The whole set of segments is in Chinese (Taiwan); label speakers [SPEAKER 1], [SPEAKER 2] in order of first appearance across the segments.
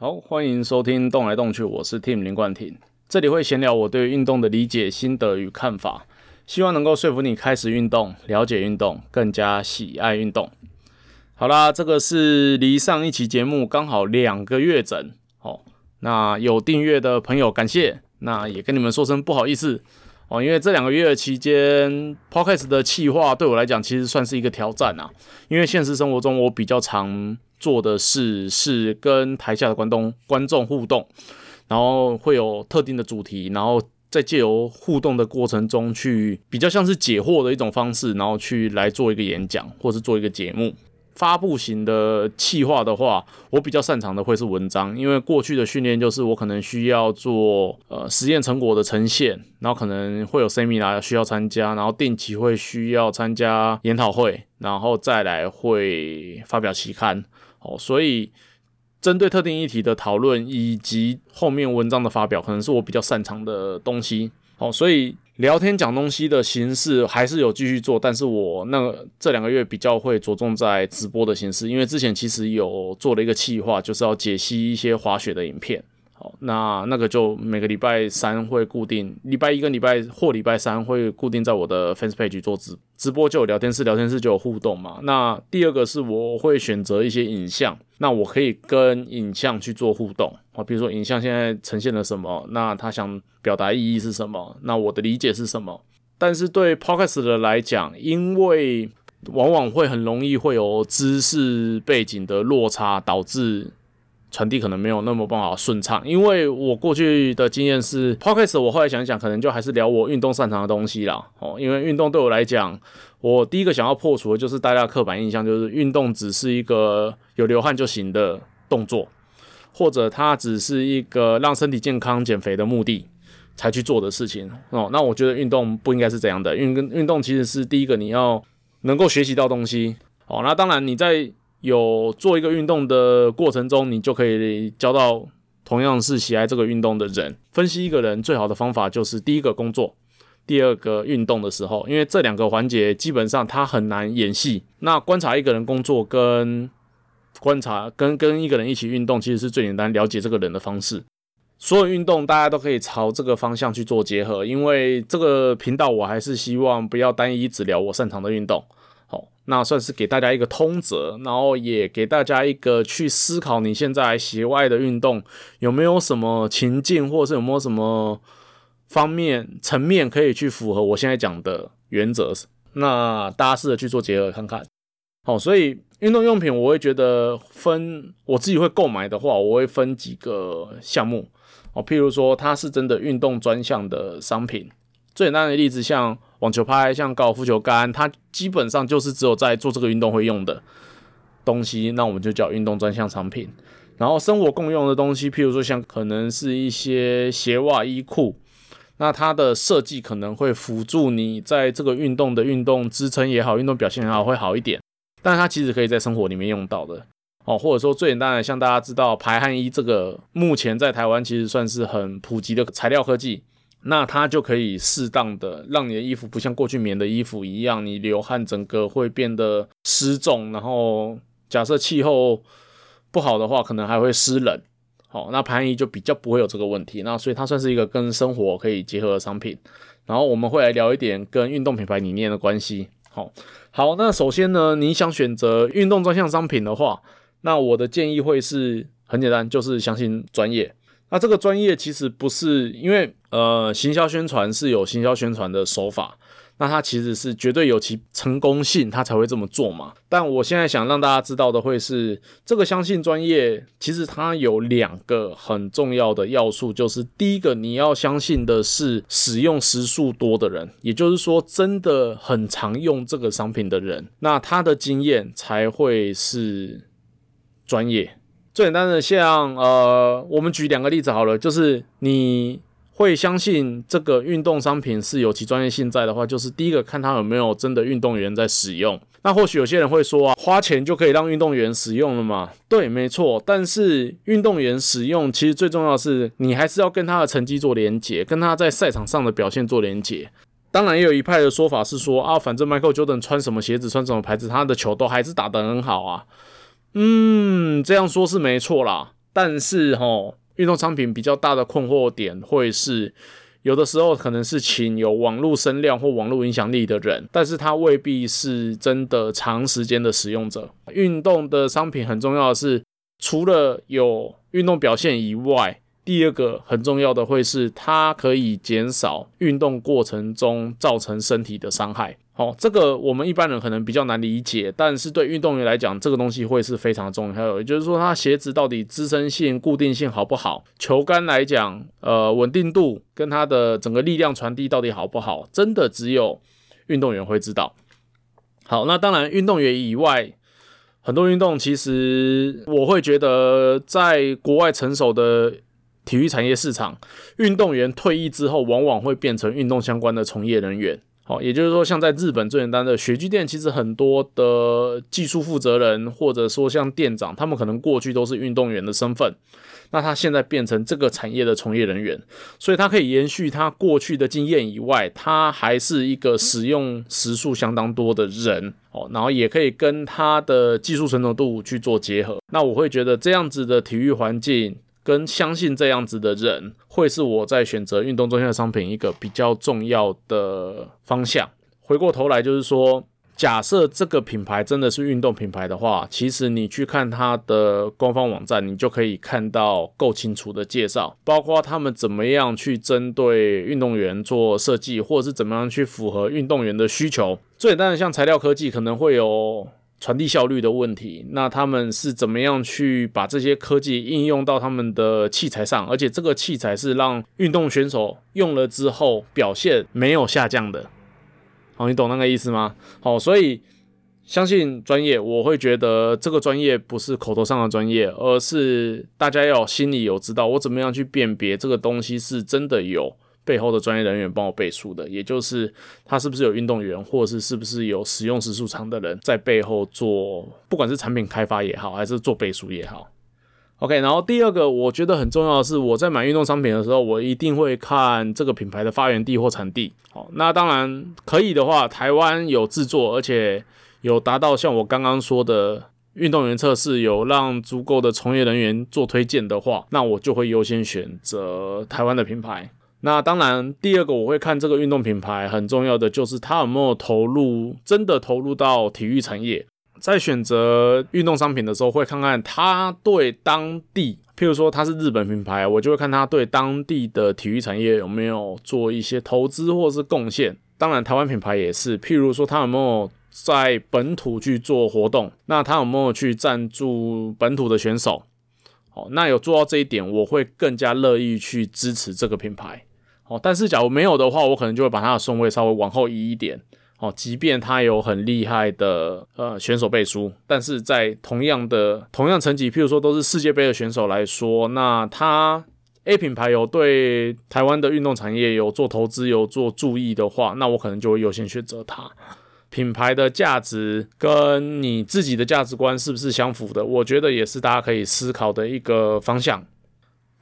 [SPEAKER 1] 好，歡迎收聽《動來動去》，我是 Tim 林冠廷，這裡會閒聊我對運動的理解、心得與看法，希望能夠說服你開始運動、了解運動、更加喜愛運動。好啦，這個是離上一期節目剛好兩個月整，好、哦，那有訂閱的朋友感謝，那也跟你們說聲不好意思。哦，因為這兩個月的期間，Podcast 的企劃對我來講其實算是一個挑戰啊。因為現實生活中我比較常做的事是，是跟台下的觀眾觀眾互動，然後會有特定的主題，然後再借由互動的過程中去比較像是解惑的一種方式，然後去來做一個演講或是做一個節目。發佈型的企劃的話，我比較擅長的會是文章，因為過去的訓練就是我可能需要做呃實驗成果的呈現，然後可能會有 seminar 需要參加，然後定期會需要參加研討會，然後再來會發表期刊。哦，所以針對特定議題的討論以及後面文章的發表，可能是我比較擅長的東西。好，所以聊天講東西的形式還是有繼續做，但是我那這兩個月比較會着重在直播的形式，因為之前其實有做了一個企劃，就是要解析一些滑雪的影片。好，那那個就每個禮拜三會固定，禮拜一跟禮拜或禮拜三會固定在我的 fans page 做直播。直播就有聊天室，聊天室就有互動嘛。那第二個是，我會選擇一些影像，那我可以跟影像去做互動啊。比如說，影像現在呈現了什麼？那他想表達意義是什麼？那我的理解是什麼？但是對 Podcast 的來講，因為往往會很容易會有知識背景的落差，導致。傳遞可能沒有那麼辦法順暢，因為我過去的經驗是，Podcast。我後來想想，可能就還是聊我運動擅長的東西啦。哦，因為運動對我來講，我第一個想要破除的就是大家刻板印象，就是運動只是一個有流汗就行的動作，或者它只是一個讓身體健康、減肥的目的才去做的事情。哦，那我覺得運動不應該是這樣的，運運動其實是第一個你要能夠學習到東西。哦，那當然你在。有做一個運動的過程中，你就可以交到同樣是喜愛這個運動的人。分析一個人最好的方法就是第一個工作，第二個運動的時候，因為這兩個環節基本上他很難演戲。那觀察一個人工作跟觀察跟跟一個人一起運動，其實是最簡單了解這個人的方式。所有運動大家都可以朝這個方向去做結合，因為這個頻道我還是希望不要單一只聊我擅長的運動。那算是給大家一個通則，然後也給大家一個去思考，你現在鞋外的運動有沒有什麼情境，或者是有沒有什麼方面層面可以去符合我現在講的原則？那大家試着去做結合看看。好，所以運動用品我會覺得分，我自己會購買的話，我會分幾個項目。哦，譬如說它是真的運動專項的商品。最簡單的例子，像網球拍、像高爾夫球桿，它基本上就是只有在做這個運動會用的東西，那我們就叫運動專項產品。然後生活共用的東西，譬如說像可能是一些鞋襪衣褲，那它的設計可能會輔助你在這個運動的運動支撐也好，運動表現也好會好一點。但是它其實可以在生活裡面用到的哦，或者說最簡單的，像大家知道排汗衣這個，目前在台灣其實算是很普及的材料科技。那它就可以適當的讓你的衣服不像過去棉的衣服一樣，你流汗整個會變得濕重，然後假設氣候不好的話，可能還會濕冷。好，那排汗衣就比較不會有這個問題。那所以它算是一個跟生活可以結合的商品。然後我們會來聊一點跟運動品牌理念的關係。好，好，那首先呢，你想選擇運動專項商品的話，那我的建議會是很簡單，就是相信專業。那這個專業其實不是，因為呃，行銷宣傳是有行銷宣傳的手法，那它其實是絕對有其成功性，它才會這麼做嘛。但我現在想讓大家知道的會是，這個相信專業其實它有兩個很重要的要素，就是第一個你要相信的是使用時數多的人，也就是說真的很常用這個商品的人，那他的經驗才會是專業。最簡單的像，像呃，我們舉兩個例子好了，就是你會相信這個運動商品是有其專業性在的話，就是第一個看它有沒有真的運動員在使用。那或許有些人會說啊，花錢就可以讓運動員使用了嘛？對，沒錯。但是運動員使用其實最重要的是，你還是要跟他的成績做連接，跟他在賽場上的表現做連接。當然，也有一派的說法是說啊，反正邁克爾·喬丹穿什麼鞋子，穿什麼牌子，他的球都還是打得很好啊。嗯。你這樣說是沒錯啦，但是哦，運動商品比較大的困惑點會是，有的時候可能是請有網絡聲量或網絡影響力的人，但是他未必是真的長時間的使用者。運動的商品很重要的是，除了有運動表現以外。第二個很重要的會是，它可以減少運動過程中造成身體的傷害。好、哦，這個我們一般人可能比較難理解，但是對運動員來講，這個東西會是非常重要的。還有，也就是說，它鞋子到底支撐性、固定性好不好？球桿來講，呃，穩定度跟它的整個力量傳遞到底好不好？真的只有運動員會知道。好，那當然，運動員以外，很多運動其實我會覺得，在國外成熟的。體育產業市場，運動員退役之後，往往會變成運動相關的從業人員。好，也就是說，像在日本最簡單的雪具店，其實很多的技術負責人，或者說像店長，他們可能過去都是運動員的身份，那他現在變成這個產業的從業人員，所以他可以延續他過去的經驗以外，他還是一個使用時數相當多的人哦，然後也可以跟他的技術成熟度去做結合。那我會覺得這樣子的體育環境。跟相信這樣子的人，會是我在選擇運動中心的商品一個比較重要的方向。回過頭來，就是說，假設這個品牌真的是運動品牌的話，其實你去看它的官方網站，你就可以看到夠清楚的介紹，包括他們怎麼樣去針對運動員做設計，或者是怎麼樣去符合運動員的需求。最簡單的，像材料科技，可能會有。傳遞效率的問題，那他們是怎麼樣去把這些科技應用到他們的器材上？而且這個器材是讓運動選手用了之後表現沒有下降的。好，你懂那個意思嗎？好，所以相信專業，我會覺得這個專業不是口頭上的專業，而是大家要心裡有知道我怎麼樣去辨別這個東西是真的有。背後的專業人員幫我背書的，也就是他是不是有運動員，或者是是不是有使用時數長的人在背後做，不管是產品開發也好，還是做背書也好。OK，然後第二個我覺得很重要的是，我在買運動商品的時候，我一定會看這個品牌的發源地或產地。好，那當然可以的話，台灣有製作，而且有達到像我剛剛說的運動員測試，有讓足夠的從業人員做推薦的話，那我就會優先選擇台灣的品牌。那當然，第二個我會看這個運動品牌很重要的就是它有沒有投入，真的投入到體育產業。在選擇運動商品的時候，會看看它對當地，譬如說它是日本品牌，我就會看它對當地的體育產業有沒有做一些投資或是貢獻。當然，台灣品牌也是，譬如說它有沒有在本土去做活動，那它有沒有去贊助本土的選手？好，那有做到這一點，我會更加樂意去支持這個品牌。哦，但是假如沒有的話，我可能就會把他的順位稍微往後移一點。哦，即便他有很厲害的呃選手背書，但是在同樣的同樣層級，譬如說都是世界杯的選手來說，那他 A 品牌有對台灣的運動產業有做投資有做助益的話，那我可能就會優先選擇它。品牌的價值跟你自己的價值觀是不是相符的？我覺得也是大家可以思考的一個方向。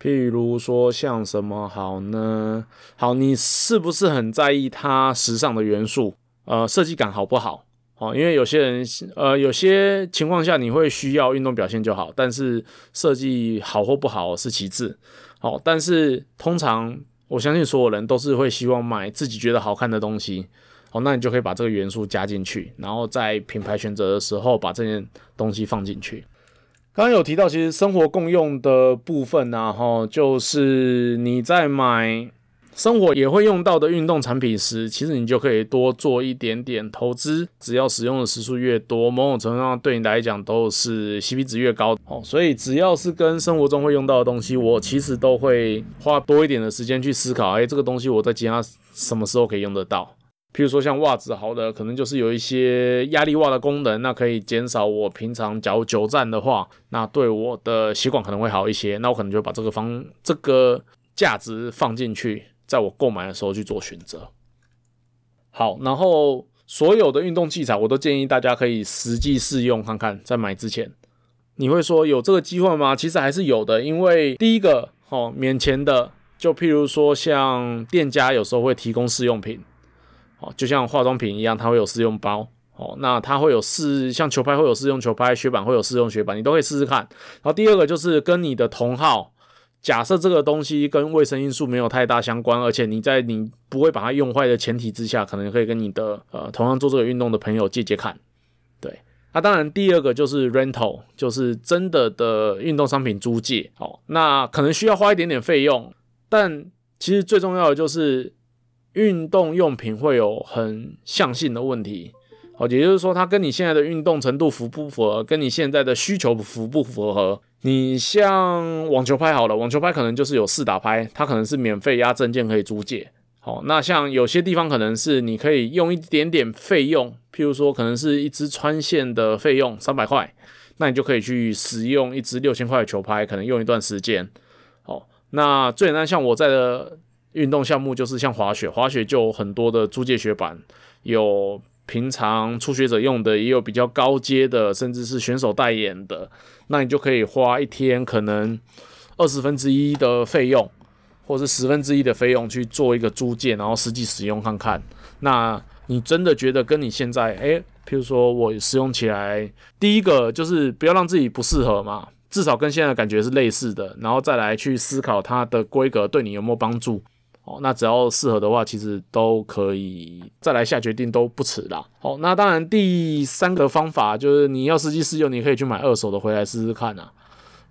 [SPEAKER 1] 譬如說像什麼好呢？好，你是不是很在意它時尚的元素？呃，設計感好不好？哦，因為有些人，呃，有些情況下你會需要運動表現就好，但是設計好或不好是其次。好，哦，但是通常我相信所有人都是會希望買自己覺得好看的東西。好，哦，那你就可以把這個元素加進去，然後在品牌選擇的時候把這件東西放進去。剛剛有提到，其實生活共用的部分呢，吼，就是你在買生活也會用到的運動產品時，其實你就可以多做一點點投資。只要使用的時數越多，某種程度上對你來講都是 CP 值越高。哦，所以只要是跟生活中會用到的東西，我其實都會花多一點的時間去思考。哎，這個東西我在其他什麼時候可以用得到？譬如說像襪子好的，可能就是有一些壓力襪的功能，那可以減少我平常假如久站的話，那對我的血管可能會好一些。那我可能就把這個方這個價值放進去，在我購買的時候去做選擇。好，然後所有的運動器材，我都建議大家可以實際試用看看，在買之前，你會說有這個機會嗎？其實還是有的，因為第一個，齁，免錢的，就譬如說像店家有時候會提供試用品。哦，就像化妝品一樣，它會有試用包。哦，那它會有試，像球拍會有試用球拍，雪板會有試用雪板，你都可以試試看。然後第二個就是跟你的同好，假設這個東西跟衛生因素沒有太大相關，而且你在你不會把它用壞的前提之下，可能可以跟你的呃同樣做這個運動的朋友借借看。對，那、啊、當然第二個就是 rental，就是真的的運動商品租借。哦，那可能需要花一點點費用，但其實最重要的就是。運動用品會有很向性的問題，好，也就是說，它跟你現在的運動程度符不符合，跟你現在的需求符不符合，合？你像網球拍好了，網球拍可能就是有四打拍，它可能是免費押證件可以租借，好，那像有些地方可能是你可以用一點點費用，譬如說可能是一支穿線的費用三百塊，那你就可以去使用一支六千塊的球拍，可能用一段時間，好，那最簡單像我在的運動項目就是像滑雪，滑雪就有很多的租借雪板，有平常初學者用的，也有比較高階的，甚至是選手代言的。那你就可以花一天，可能二十分之一的費用，或是十分之一的費用去做一個租借，然後實際使用看看。那你真的覺得跟你現在，誒、欸，譬如說我使用起來，第一個就是不要讓自己不適合嘛，至少跟現在的感覺是類似的，然後再來去思考它的規格對你有沒有幫助。哦，那只要適合的話，其實都可以再來下決定都不遲啦。好，那當然第三個方法就是你要實際試用，你可以去買二手的回來試試看啊。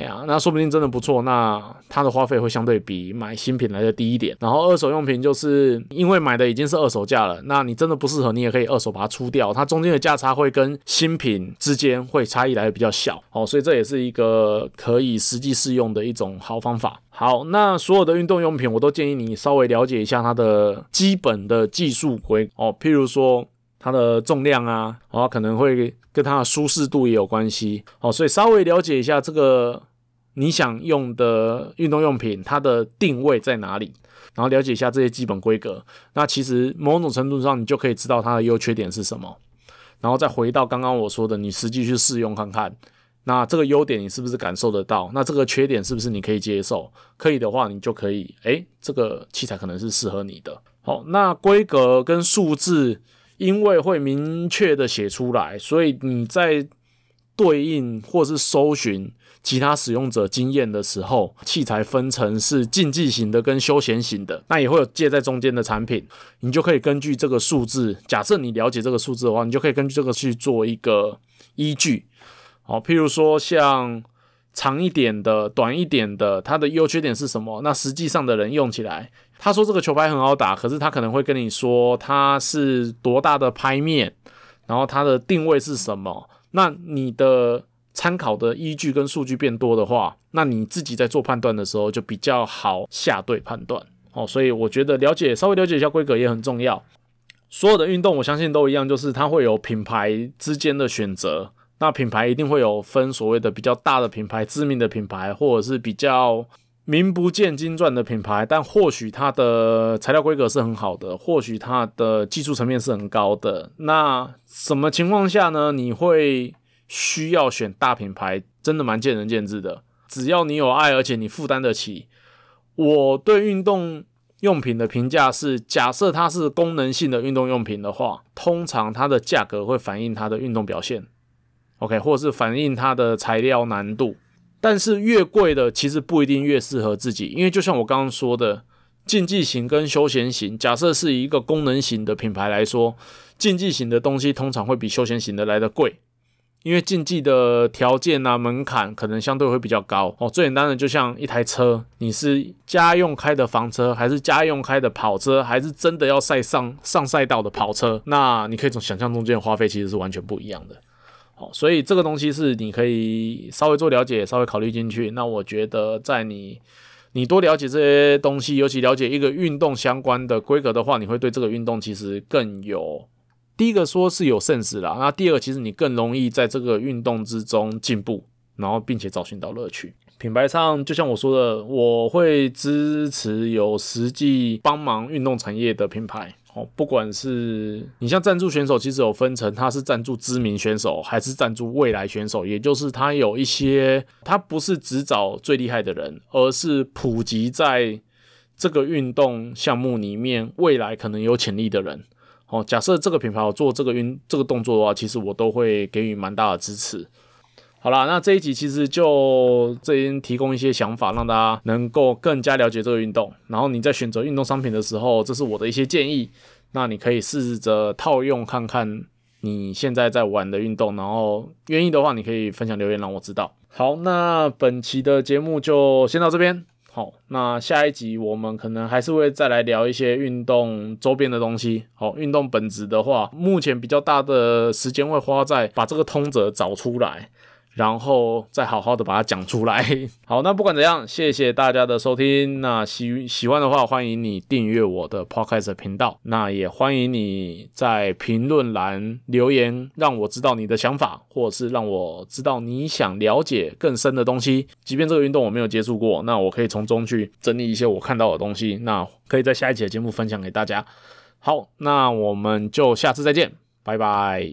[SPEAKER 1] 哎呀，那說不定真的不錯。那它的花費會相對比買新品來的低一點。然後二手用品就是因為買的已經是二手價了，那你真的不適合，你也可以二手把它出掉。它中間的價差會跟新品之間會差異來的比較小。哦，所以這也是一個可以實際試用的一種好方法。好，那所有的運動用品我都建議你稍微了解一下它的基本的技術規哦，譬如說它的重量啊，然後，哦，可能會跟它的舒適度也有關係。哦，所以稍微了解一下這個。你想用的運動用品，它的定位在哪裡？然後了解一下這些基本規格，那其實某種程度上，你就可以知道它的優缺點是什麼。然後再回到剛剛我說的，你實際去試用看看，那這個優點你是不是感受得到？那這個缺點是不是你可以接受？可以的話，你就可以，哎、欸，這個器材可能是適合你的。好，那規格跟數字因為會明確的寫出來，所以你在。對應或是搜尋其他使用者經驗的時候，器材分成是競技型的跟休閒型的，那也會有介在中間的產品，你就可以根據這個數字，假設你了解這個數字的話，你就可以根據這個去做一個依據。好，譬如說像長一點的、短一點的，它的優缺點是什麼？那實際上的人用起來，他說這個球拍很好打，可是他可能會跟你說它是多大的拍面。然後它的定位是什麼？那你的參考的依據跟數據變多的話，那你自己在做判斷的時候就比較好下對判斷。哦，所以我覺得了解，稍微了解一下規格也很重要。所有的運動我相信都一樣，就是它會有品牌之間的選擇。那品牌一定會有分所謂的比較大的品牌、知名的品牌，或者是比較，名不見經傳的品牌，但或許它的材料規格是很好的，或許它的技術層面是很高的。那什麼情況下呢？你會需要選大品牌？真的蠻見仁見智的。只要你有愛，而且你負擔得起。我對運動用品的評價是，假設它是功能性的運動用品的話，通常它的價格會反映它的運動表現，OK，或是反映它的材料難度。但是越貴的其實不一定越適合自己，因為就像我剛剛說的，競技型跟休閒型，假設是一個功能型的品牌來說，競技型的東西通常會比休閒型的來得貴，因為競技的條件啊門檻可能相對會比較高哦。最簡單的就像一台車，你是家用開的房車，還是家用開的跑車，還是真的要賽上上賽道的跑車，那你可以從想象中間花費其實是完全不一樣的。所以這個東西是你可以稍微做了解，稍微考慮進去。那我覺得在你你多了解這些東西，尤其了解一個運動相關的規格的話，你會對這個運動其實更有，第一個說是有 sense 啦。那第二個，其實你更容易在這個運動之中進步，然後並且找尋到樂趣。品牌上，就像我說的，我會支持有實際幫忙運動產業的品牌。哦，不管是你像贊助選手，其實有分成，他是贊助知名選手，還是贊助未來選手，也就是他有一些，他不是只找最厲害的人，而是普及在這個運動項目裡面未來可能有潛力的人。哦，假設這個品牌我做這個運這個動作的話，其實我都會給予蠻大的支持。好啦，那這一集其實就這邊提供一些想法，讓大家能夠更加了解這個運動。然後你在選擇運動商品的時候，這是我的一些建議。那你可以試着套用看看你現在在玩的運動，然後願意的話，你可以分享留言讓我知道。好，那本期的節目就先到這邊。好，那下一集我們可能還是會再來聊一些運動周邊的東西。好，運動本質的話，目前比較大的時間會花在把這個通則找出來。然後再好好的把它講出來。好，那不管怎樣，謝謝大家的收聽。那喜喜歡的話，歡迎你訂閱我的 Podcast 的頻道。那也歡迎你在評論欄留言，讓我知道你的想法，或者是讓我知道你想了解更深的東西。即便這個運動我沒有接觸過，那我可以從中去整理一些我看到的東西，那可以在下一期的節目分享給大家。好，那我們就下次再見，拜拜。